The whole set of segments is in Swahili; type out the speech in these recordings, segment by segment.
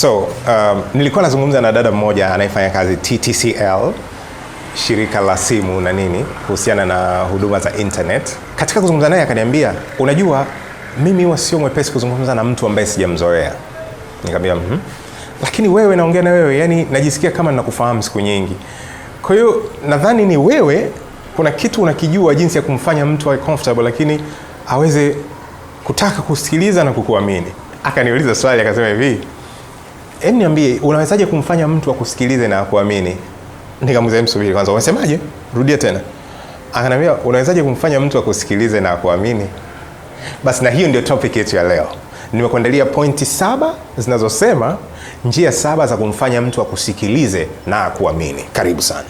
So um, nilikuwa nazungumza na dada mmoja anayefanya kazi TTCL shirika la simu na nini kuhusiana na huduma za internet. Katika kuzungumza naye akaniambia, unajua mimi huwa sio mwepesi kuzungumza na mtu ambaye sijamzoea. Nikamwambia hmm lakini wewe, naongea na wewe, yani najisikia kama ninakufahamu siku nyingi. Kwa hiyo nadhani ni wewe, kuna kitu unakijua jinsi ya kumfanya mtu awe comfortable, lakini aweze kutaka kusikiliza na kukuamini. Akaniuliza swali akasema hivi Yaani niambie unawezaje kumfanya mtu akusikilize na akuamini? Nikamuuliza msubiri kwanza, unasemaje? Rudia tena. Akaniambia unawezaje kumfanya mtu akusikilize na akuamini? Basi na hiyo ndio topic yetu ya leo. Nimekuandalia pointi saba zinazosema njia saba za kumfanya mtu akusikilize na akuamini. Karibu sana.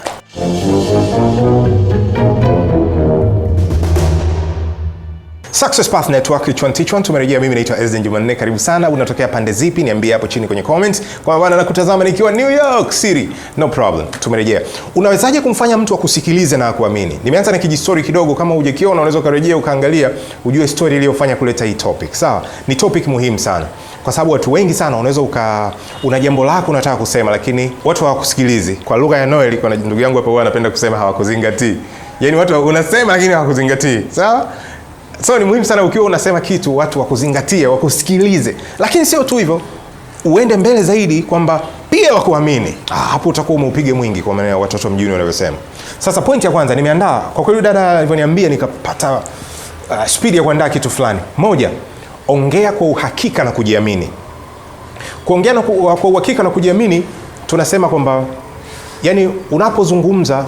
Success Path Network, 2021 Tumerejea, mimi naitwa Ezden Jumanne, karibu sana. Unatokea pande zipi? Niambie hapo chini kwenye comments, kwa maana nakutazama nikiwa New York City. No problem, tumerejea. Unawezaje kumfanya mtu akusikilize na akuamini? Nimeanza na kijistori kidogo, kama hujakiona unaweza ukarejea ukaangalia, ujue story iliyofanya kuleta hii topic. Sawa, ni topic muhimu sana kwa sababu watu wengi sana unaweza uka una jambo lako unataka kusema, lakini watu hawakusikilizi. Kwa lugha ya Noel, kwa ndugu yangu hapo, huwa anapenda kusema hawakuzingatii. Yani watu unasema, lakini hawakuzingatii. Sawa. So, So ni muhimu sana ukiwa unasema kitu watu wakuzingatie, wakusikilize, lakini sio tu hivyo, uende mbele zaidi kwamba pia wakuamini. Ah, hapo utakuwa umeupiga mwingi, kwa maana ya watoto mjini wanavyosema. Sasa pointi ya kwanza nimeandaa kwa kweli, dada alivyoniambia nikapata uh, spidi ya kuandaa kitu fulani. Moja, ongea kwa uhakika na kujiamini. Kuongea na uh, kwa uhakika na kujiamini, tunasema kwamba yani unapozungumza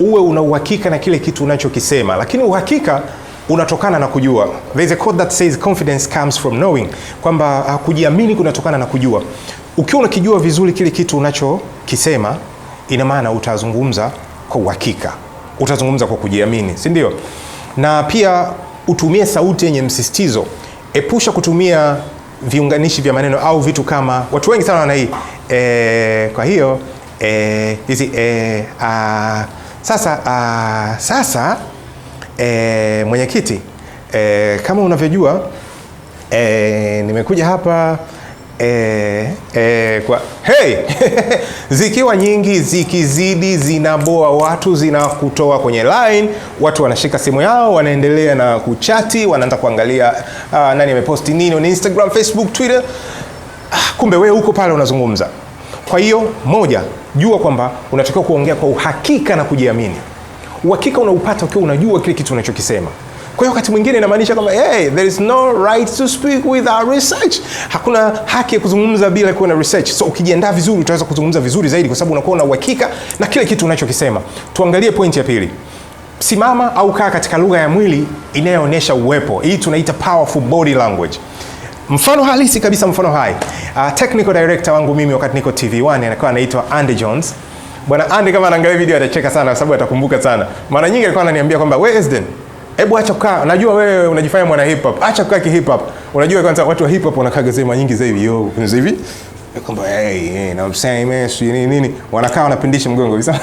uwe una uhakika na kile kitu unachokisema, lakini uhakika unatokana na kujua. There is a quote that says confidence comes from knowing, kwamba ah, kujiamini kunatokana na kujua. Ukiwa unakijua vizuri kile kitu unachokisema, ina maana utazungumza kwa uhakika, utazungumza kwa kujiamini, si ndio? Na pia utumie sauti yenye msisitizo, epusha kutumia viunganishi vya maneno au vitu kama. Watu wengi sana wana hii e, kwa hiyo e, hizi e, eh, a, ah, sasa a, ah, sasa E, mwenyekiti e, kama unavyojua e, nimekuja hapa e, e, kwa hey! zikiwa nyingi zikizidi zinaboa watu, zinakutoa kwenye line. Watu wanashika simu yao wanaendelea na kuchati, wanaanza kuangalia uh, nani ameposti nini on Instagram, Facebook, Twitter. Ah, kumbe wewe huko pale unazungumza. Kwa hiyo moja, jua kwamba unatakiwa kuongea kwa uhakika na kujiamini uhakika unaupata ukiwa unajua kile kitu unachokisema. Kwa hiyo wakati mwingine inamaanisha kwamba hey, there is no right to speak with our research. Hakuna haki ya kuzungumza bila kuwa na research. So ukijiandaa vizuri utaweza kuzungumza vizuri zaidi, kwa sababu unakuwa una uhakika na kile kitu unachokisema. Tuangalie pointi ya pili. Simama au kaa katika lugha ya mwili inayoonyesha uwepo. Hii tunaita powerful body language. Mfano halisi kabisa, mfano hai. Uh, technical director wangu mimi wakati niko TV1 anakuwa anaitwa Andy Jones Bwana Andy kama anaangalia video atacheka sana kwa sababu atakumbuka sana. Mara nyingi alikuwa ananiambia kwamba wewe esden hebu acha kukaa. Najua wewe unajifanya mwana hip hop. Acha kukaa ki hip hop. Unajua kwanza watu wa hip hop wanakaa gazeti mara nyingi zaidi yo. Kuna hivi kwamba hey, hey, na msema mimi nini nini. Wanakaa wanapindisha mgongo visa.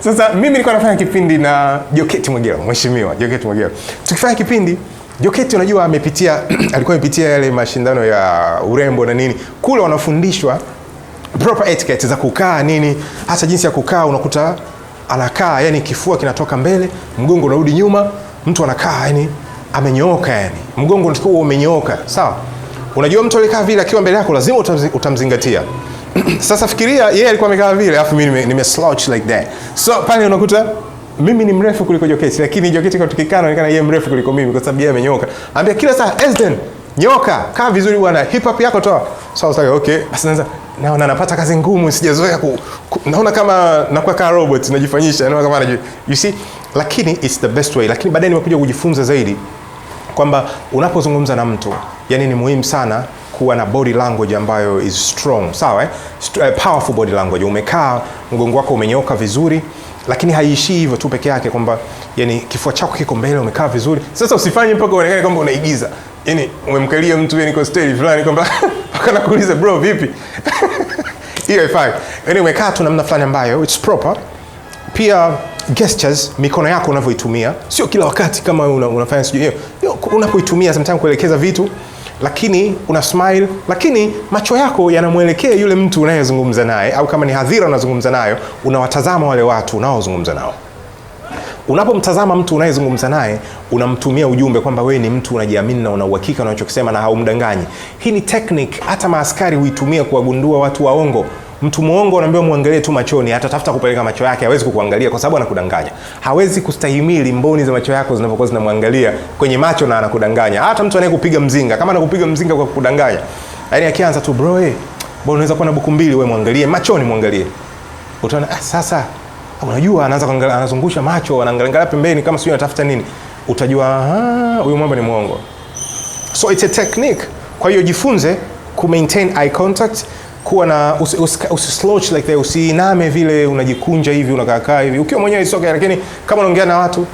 Sasa mimi nilikuwa nafanya kipindi na Joketi Mwegelo, mheshimiwa Joketi Mwegelo. Tukifanya kipindi Joketi unajua amepitia alikuwa amepitia yale mashindano ya urembo na nini. Kule wanafundishwa proper etiquette za kukaa nini, hasa jinsi ya kukaa. Unakuta anakaa yani kifua kinatoka mbele, mgongo unarudi nyuma, mtu anakaa yani amenyooka, yani mgongo ndio umenyooka, sawa. Unajua mtu alikaa vile akiwa mbele yako lazima utamzingatia. Sasa fikiria yeye yeah, alikuwa amekaa vile afu mimi nime slouch like that, so pale unakuta mimi ni mrefu kuliko Jokate, lakini Jokate kwa tukikana anaonekana yeye mrefu kuliko mimi kwa sababu yeye amenyooka Ambia kila saa Esden nyoka, kaa vizuri bwana, hip hop yako toa. Sawa so, sawa, okay. Basi naanza naona napata kazi ngumu, sijazoea ku, ku, naona kama nakuwa kama robot najifanyisha, naona kama najua, you see, lakini it's the best way. Lakini baadaye nimekuja kujifunza zaidi kwamba unapozungumza na mtu, yani ni muhimu sana kuwa na body language ambayo is strong, sawa eh? eh powerful body language. Umekaa mgongo wako umenyoka vizuri, lakini haiishii hivyo tu peke yake, kwamba yani kifua chako kiko mbele, umekaa vizuri. Sasa usifanye mpaka uonekane kwamba unaigiza yani umemkalia mtu yani kwa staili fulani kwamba mpaka nakuuliza bro, vipi? hiyo haifai. Yani umekaa tu namna fulani ambayo it's proper. Pia gestures, mikono yako unavyoitumia, sio kila wakati kama una, unafanya sijui hiyo, unapoitumia sometimes kuelekeza vitu, lakini una smile, lakini macho yako yanamwelekea yule mtu unayezungumza naye, au kama ni hadhira unazungumza nayo, unawatazama wale watu unaozungumza nao. Unapomtazama mtu unayezungumza naye, unamtumia ujumbe kwamba wewe ni mtu unajiamini na unauhakika uhakika unachokisema na haumdanganyi. Hii ni teknik hata maaskari huitumia kuwagundua watu waongo. Mtu mwongo anaambiwa muangalie tu machoni, atatafuta kupeleka macho yake, hawezi kukuangalia kwa sababu anakudanganya. Hawezi kustahimili mboni za macho yako zinavyokuwa zinamwangalia kwenye macho na anakudanganya. Hata mtu anayekupiga mzinga, kama anakupiga mzinga kwa kukudanganya, yaani akianza tu bro, eh, bwana unaweza kuwa na buku mbili, wewe muangalie machoni, muangalie utaona ah, sasa unajua, anaanza kuangalia, anazungusha macho, anaangalia pembeni kama sio anatafuta nini, utajua ah, huyu mwamba ni mwongo. So it's a technique. Kwa hiyo jifunze ku maintain eye contact, kuwa na usislouch like that, usiname vile unajikunja hivi unakaakaa hivi ukiwa mwenyewe it's okay, lakini kama unaongea na watu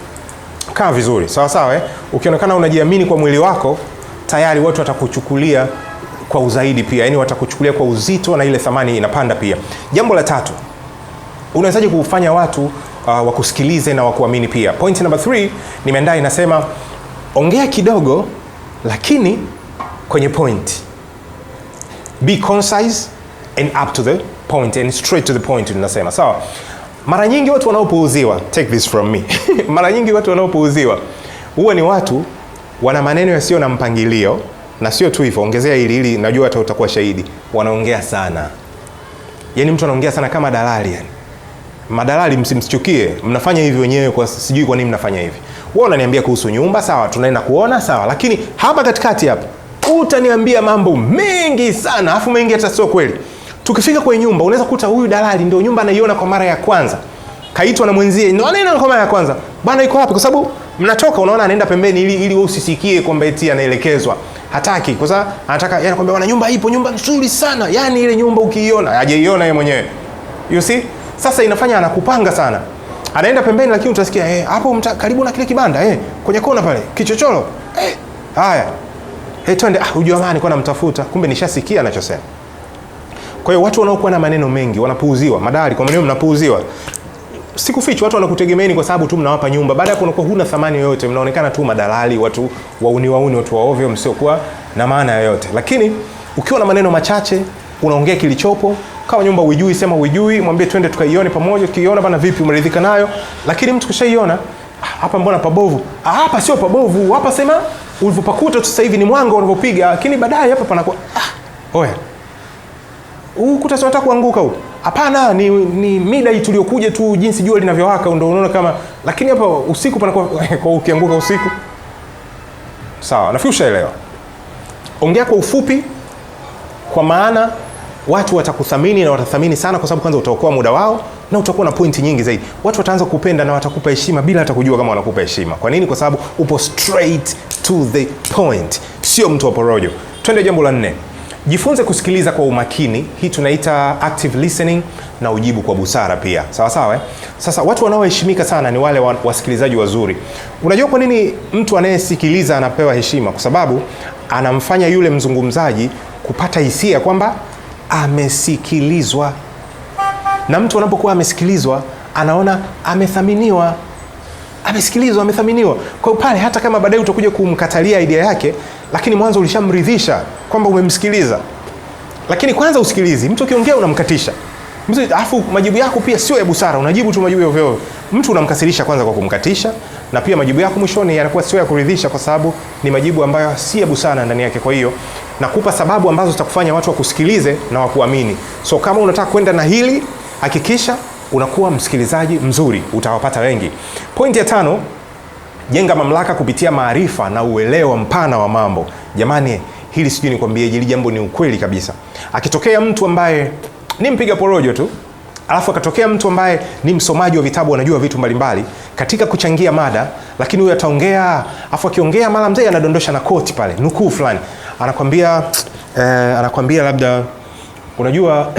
kaa vizuri sawa sawa, eh? Ukionekana unajiamini kwa mwili wako tayari watu watakuchukulia kwa uzaidi pia, yani watakuchukulia kwa uzito na ile thamani inapanda pia. Jambo la tatu unawezaje kufanya watu uh, wakusikilize na wakuamini pia. Point number 3 nimeandaa inasema, ongea kidogo lakini kwenye point. Be concise and up to the point and straight to the point ninasema. Sawa. So, mara nyingi watu wanaopuuziwa, take this from me. Mara nyingi watu wanaopuuziwa huwa ni watu wana maneno yasiyo na mpangilio na sio tu hivyo, ongezea hili hili, najua hata utakuwa shahidi. Wanaongea sana, yani mtu anaongea sana kama dalali yani. Madalali msimchukie, mnafanya hivi wenyewe kwa sijui kwa nini mnafanya hivi. Wewe unaniambia kuhusu nyumba sawa, tunaenda kuona sawa, lakini hapa katikati hapa utaniambia mambo mengi sana, afu mengi hata sio kweli. Tukifika kwenye nyumba, unaweza kuta huyu dalali ndio nyumba anaiona kwa mara ya kwanza, kaitwa na mwenzie, ndio anaenda kwa mara ya kwanza, bwana iko wapi? Kwa sababu mnatoka, unaona anaenda pembeni, ili ili wewe usisikie kwamba eti anaelekezwa hataki kwa sababu anataka yani, kwamba wana nyumba ipo, nyumba nzuri sana, yani ile nyumba ukiiona, ajeiona yeye mwenyewe, you see sasa inafanya anakupanga sana, anaenda pembeni, lakini utasikia eh, hapo karibu na kile kibanda eh, kwenye kona pale kichochoro eh, haya eh, twende. Ah, hujua maana nilikuwa namtafuta, kumbe nishasikia anachosema. Kwa hiyo watu wanaokuwa na maneno mengi wanapuuziwa. madali kwa maneno mnapuuziwa fichi watu wanakutegemeeni kwa sababu tu mnawapa nyumba. Baada ya kunakuwa huna thamani yoyote, mnaonekana tu madalali, watu wauni wauni, watu waovyo msiokuwa na maana yoyote. Lakini ukiwa na maneno machache, unaongea kilichopo kama nyumba uijui, sema uijui, mwambie twende tukaione pamoja. Ukiiona bana, vipi, umeridhika nayo? Lakini mtu kishaiona ah, hapa mbona pabovu? Ah, hapa sio pabovu, hapa sema ulivyopakuta tu sasa hivi ni mwanga unavyopiga, lakini baadaye hapa panakuwa ah, oya huu kuta si unataka kuanguka huu. Hapana, ni, ni mida hii tuliokuja tu jinsi jua linavyowaka ndio unaona kama, lakini hapa usiku panakuwa kwa ukianguka usiku. Sawa, nafikiri ushaelewa. Ongea kwa ufupi, kwa maana watu watakuthamini na watathamini sana, kwa sababu kwanza utaokoa muda wao na utakuwa na pointi nyingi zaidi. Watu wataanza kupenda na watakupa heshima bila hata kujua kama wanakupa heshima. Kwa nini? Kwa sababu upo straight to the point, sio mtu wa porojo. Twende jambo la nne, jifunze kusikiliza kwa umakini. Hii tunaita active listening na ujibu kwa busara pia, sawa sawa eh? Sasa watu wanaoheshimika sana ni wale wasikilizaji wazuri. Unajua kwa nini mtu anayesikiliza anapewa heshima? Kwa sababu anamfanya yule mzungumzaji kupata hisia kwamba amesikilizwa, na mtu anapokuwa amesikilizwa anaona amethaminiwa, amesikilizwa, amethaminiwa. Kwa hiyo pale, hata kama baadaye utakuja kumkatalia idea yake, lakini mwanzo ulishamridhisha kwamba umemsikiliza. Lakini kwanza usikilizi mtu, ukiongea unamkatisha mtu, afu majibu yako pia sio ya busara, unajibu tu majibu yovyo. Mtu unamkasirisha kwanza kwa kumkatisha, na pia majibu yako mwishoni yanakuwa sio ya kuridhisha, kwa sababu ni majibu ambayo si ya busara ndani yake. Kwa hiyo na kupa sababu ambazo zitakufanya watu wakusikilize na wakuamini. So kama unataka kwenda na hili, hakikisha unakuwa msikilizaji mzuri, utawapata wengi. Pointi ya tano, jenga mamlaka kupitia maarifa na uelewa mpana wa mambo. Jamani, hili sijui nikwambieje, hili jambo ni ukweli kabisa. Akitokea mtu ambaye ni mpiga porojo tu alafu akatokea mtu ambaye ni msomaji wa vitabu, anajua vitu mbalimbali katika kuchangia mada, lakini huyo ataongea, afu akiongea, mara mzee anadondosha na koti pale, nukuu fulani anakwambia eh, anakwambia labda unajua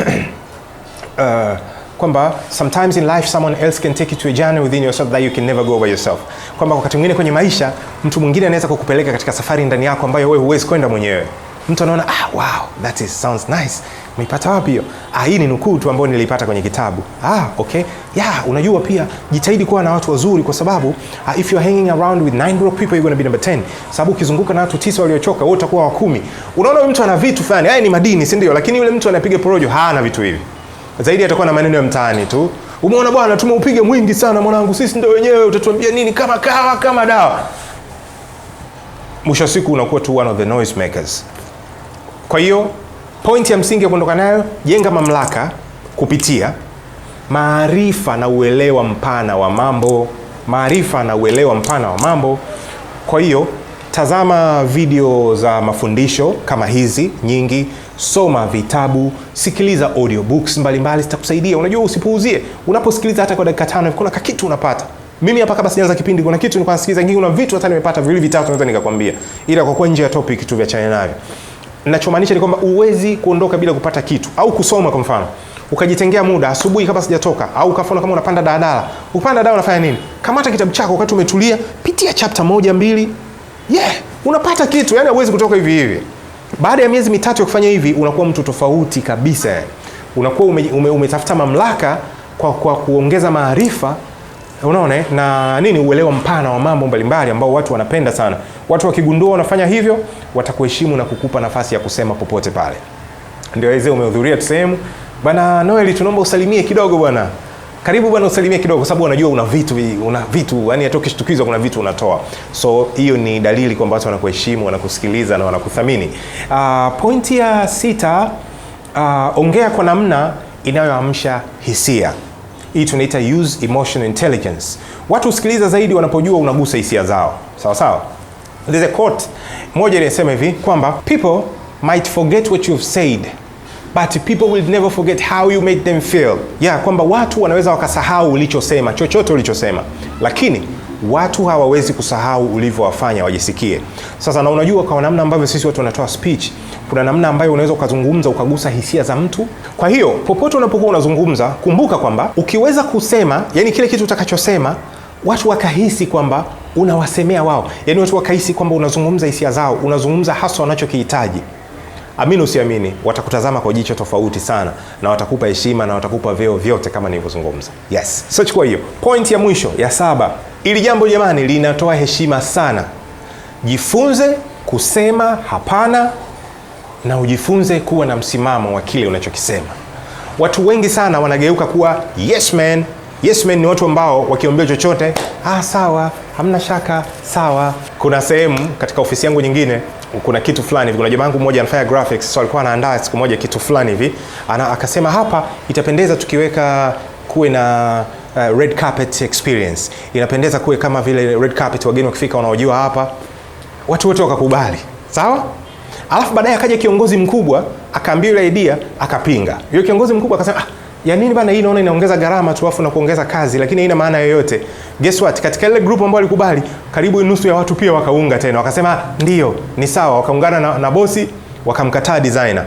uh, kwamba sometimes in life someone else can take you to a journey within yourself that you can never go by yourself, kwamba wakati mwingine kwenye maisha mtu mwingine anaweza kukupeleka katika safari ndani yako ambayo wewe huwezi kwenda mwenyewe mtu anaona ah, wow, that is sounds nice. Umeipata wapi hiyo? Ah, hii ni nukuu tu ambayo nilipata kwenye kitabu. Ah, okay. Yeah, unajua pia jitahidi kuwa na watu wazuri kwa sababu ah, if you are hanging around with nine broke people you're going to be number 10. Sababu ukizunguka na watu tisa waliochoka wewe utakuwa wa 10 Unaona mtu ana vitu fulani, haya ni madini, si ndio? Lakini yule mtu anapiga porojo, hana vitu hivi. Zaidi atakuwa na maneno ya mtaani tu. Umeona bwana, tumeupiga mwingi sana mwanangu, sisi ndio wenyewe, utatuambia nini kama kawa kama dawa. Mwisho siku unakuwa tu one of the noise makers. Kwa hiyo pointi ya msingi ya kuondoka nayo, jenga mamlaka kupitia maarifa na uelewa mpana wa mambo, maarifa na uelewa mpana wa mambo. Kwa hiyo tazama video za mafundisho kama hizi nyingi, soma vitabu, sikiliza audiobooks mbalimbali zitakusaidia. Unajua, usipuuzie. Unaposikiliza hata kwa dakika tano, kuna kakitu unapata. Mimi hapa kabla sijaanza kipindi, kuna kitu nilikuwa nasikiliza, kuna vitu hata nimepata vile vitatu, naweza nikakwambia, ila kwa kuwa nje ya topic tu vya chanya navyo Ninachomaanisha ni kwamba uwezi kuondoka bila kupata kitu au kusoma kwa mfano. Ukajitengea muda asubuhi kabla sijatoka au kafona kama unapanda daladala. Ukipanda daladala unafanya nini? Kamata kitabu chako wakati umetulia, pitia chapter moja mbili. Yeah, unapata kitu. Yaani huwezi kutoka hivi hivi. Baada ya miezi mitatu ya kufanya hivi unakuwa mtu tofauti kabisa. Unakuwa ume, ume, umetafuta mamlaka kwa, kwa kuongeza maarifa unaona, eh? na nini, uelewa mpana wa mambo mbalimbali ambao watu wanapenda sana. Watu wakigundua wanafanya hivyo, watakuheshimu na kukupa nafasi ya kusema popote pale. Ndio aise, umehudhuria tusehemu bana. Noel, tunaomba usalimie kidogo bwana karibu bwana, usalimie kidogo, kwa sababu unajua una vitu una vitu, yani hata ukishtukizwa kuna vitu unatoa. So hiyo ni dalili kwamba watu wanakuheshimu, wanakusikiliza na wanakuthamini. Uh, pointi ya sita, uh, ongea kwa namna inayoamsha hisia. Hii tunaita use emotional intelligence. Watu usikiliza zaidi wanapojua unagusa hisia zao, sawa sawa. There's a quote moja inasema hivi kwamba people might forget what you've said but people will never forget how you made them feel. Yeah, kwamba watu wanaweza wakasahau ulichosema, chochote ulichosema, lakini watu hawawezi kusahau ulivyowafanya wajisikie. Sasa na unajua, kwa namna ambavyo sisi watu wanatoa speech, kuna namna ambayo unaweza ukazungumza ukagusa hisia za mtu. Kwa hiyo popote unapokuwa unazungumza, kumbuka kwamba ukiweza kusema, yani kile kitu utakachosema watu wakahisi kwamba unawasemea wao, yani watu wakahisi kwamba unazungumza hisia zao, unazungumza hasa wanachokihitaji. Amini usiamini, watakutazama kwa jicho tofauti sana, na watakupa heshima na watakupa vyeo vyote, kama nilivyozungumza. Yes, so chukua hiyo point ya mwisho ya saba. Ili jambo jamani, linatoa heshima sana. Jifunze kusema hapana na ujifunze kuwa na msimamo wa kile unachokisema. Watu wengi sana wanageuka kuwa yes man. Yes man ni watu ambao wakiombea chochote, ah, sawa, hamna shaka, sawa. Kuna sehemu katika ofisi yangu nyingine kuna kitu fulani hivi, kuna jamaa wangu mmoja anafanya graphics, so alikuwa anaandaa siku moja kitu fulani hivi, akasema hapa itapendeza tukiweka kuwe na uh, red carpet experience. Inapendeza kuwe kama vile red carpet, wageni wakifika wanaojua hapa, watu wote wakakubali, sawa. Alafu baadaye akaja kiongozi mkubwa akaambia ile idea akapinga. Yule kiongozi mkubwa akasema, ah, ya nini bana, hii naona inaongeza gharama tu afu na kuongeza kazi, lakini haina maana yoyote. Guess what? Katika ile group ambayo alikubali karibu nusu ya watu pia wakaunga tena, wakasema ah, ndio, ni sawa, wakaungana na, na bosi wakamkataa designer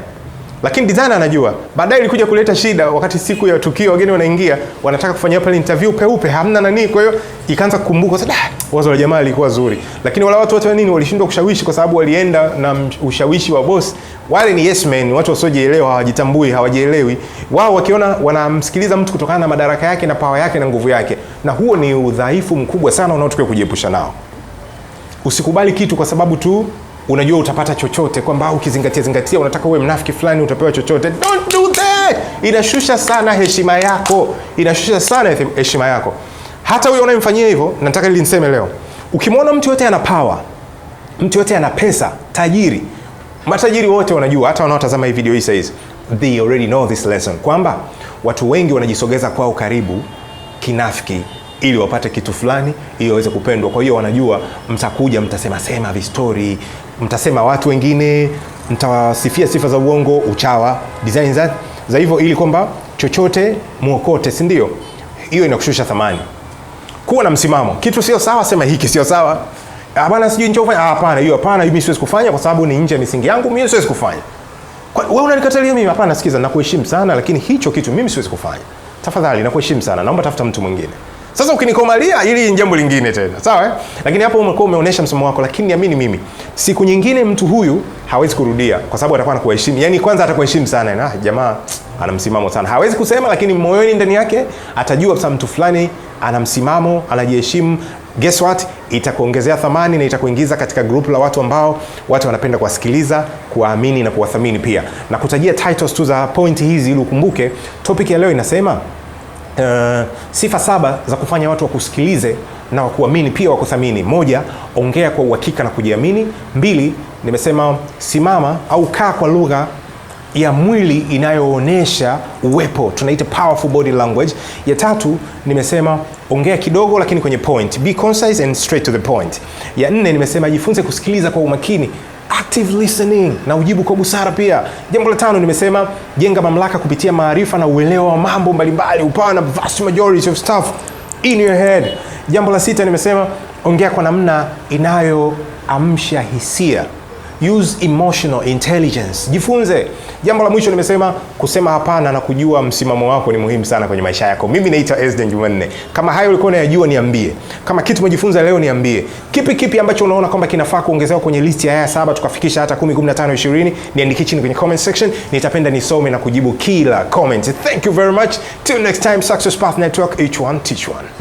lakini designer anajua. Baadaye ilikuja kuleta shida wakati siku ya tukio wageni wanaingia wanataka kufanya pale interview peupe, hamna nani. Kwa hiyo ikaanza kukumbuka sasa, ah, wazo la jamaa lilikuwa zuri, lakini wala watu wote nini walishindwa kushawishi, kwa sababu walienda na ushawishi wa boss. Wale ni yes men, watu wasiojielewa, hawajitambui, hawajielewi. Wao wakiona wanamsikiliza mtu kutokana na madaraka yake na pawa yake na nguvu yake, na huo ni udhaifu mkubwa sana unaotokea kujiepusha nao. Usikubali kitu kwa sababu tu unajua utapata chochote, kwamba ukizingatia zingatia, unataka uwe mnafiki fulani, utapewa chochote. Don't do that. Inashusha sana heshima yako, inashusha sana heshima yako. Hata huyo unayemfanyia hivyo, nataka ili leo, ukimwona mtu yote ana power, mtu yote ana pesa, tajiri, matajiri wote wanajua, hata wanaotazama hii video hii saizi, they already know this lesson, kwamba watu wengi wanajisogeza kwao karibu kinafiki ili wapate kitu fulani ili waweze kupendwa. Kwa hiyo wanajua mtakuja, mtasema sema vistori, mtasema watu wengine, mtawasifia sifa za uongo, uchawa, design za, eh? za hivyo, ili kwamba chochote muokote, si ndio? Hiyo inakushusha thamani. Kuwa na msimamo, kitu sio sawa, sema hiki sio sawa. Hapana, sijui njoo fanya. Ah, hapana, hiyo hapana, mimi siwezi kufanya kwa sababu ni nje ya misingi yangu, mimi siwezi kufanya. Kwa wewe unanikatalia mimi? Hapana, sikiza, nakuheshimu sana, lakini hicho kitu mimi siwezi kufanya. Tafadhali, nakuheshimu sana, naomba tafuta mtu mwingine. Sasa ukinikomalia ili jambo lingine tena, sawa eh? Lakini hapo umekuwa umeonyesha msimamo wako, lakini amini mimi, siku nyingine mtu huyu hawezi kurudia, kwa sababu atakuwa anakuheshimu. Yani kwanza atakuheshimu sana, na jamaa ana msimamo sana, hawezi kusema, lakini moyoni ndani yake atajua kwamba mtu fulani ana msimamo, anajiheshimu. Guess what, itakuongezea thamani na itakuingiza katika grupu la watu ambao watu wanapenda kuwasikiliza, kuwaamini na kuwathamini pia. Na kutajia titles tu za pointi hizi ili ukumbuke topic ya leo inasema Uh, sifa saba za kufanya watu wakusikilize na wakuamini pia wakuthamini. Moja, ongea kwa uhakika na kujiamini. Mbili, nimesema simama au kaa kwa lugha ya mwili inayoonyesha uwepo, tunaita powerful body language. Ya tatu, nimesema ongea kidogo lakini kwenye point, be concise and straight to the point. Ya nne, nimesema jifunze kusikiliza kwa umakini active listening na ujibu kwa busara pia. Jambo la tano nimesema jenga mamlaka kupitia maarifa na uelewa wa mambo mbalimbali, upawa na vast majority of stuff in your head. Jambo la sita nimesema ongea kwa namna inayoamsha hisia use emotional intelligence, jifunze. Jambo la mwisho nimesema kusema hapana na kujua msimamo wako ni muhimu sana kwenye maisha yako. Mimi naitwa esden Jumanne. Kama hayo ulikuwa unayajua, niambie. Kama kitu umejifunza leo, niambie kipi kipi ambacho unaona kwamba kinafaa kuongezewa kwenye listi ya haya saba, tukafikisha hata 10, 15, 20. Niandikie chini kwenye comment section, nitapenda nisome na kujibu kila comment. Thank you very much, till next time. Success Path Network, each one teach one.